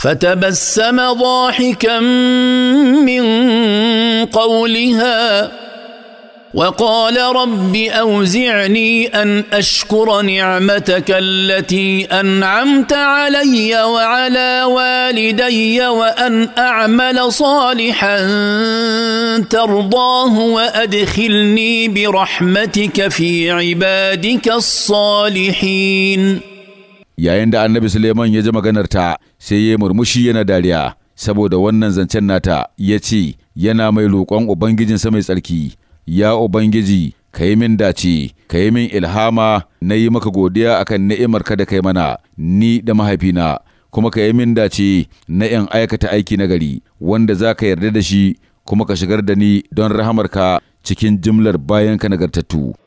فتبسم ضاحكا من قولها وقال رب اوزعني ان اشكر نعمتك التي انعمت علي وعلى والدي وان اعمل صالحا ترضاه وادخلني برحمتك في عبادك الصالحين yayin da annabi Suleiman ya ji maganarta sai ya murmushi yana dariya saboda wannan zancen nata ya ce yana mai roƙon sa mai tsarki, ya Ubangiji ka yi min dace, ka yi min ilhama na yi maka godiya akan ni'imarka da kai mana, ni da mahaifina, kuma ka yi min dace na yan aikata aiki na gari, wanda za ka yarda da shi kuma ka shigar da ni don rahamarka cikin jimlar bayan ka nagartattu.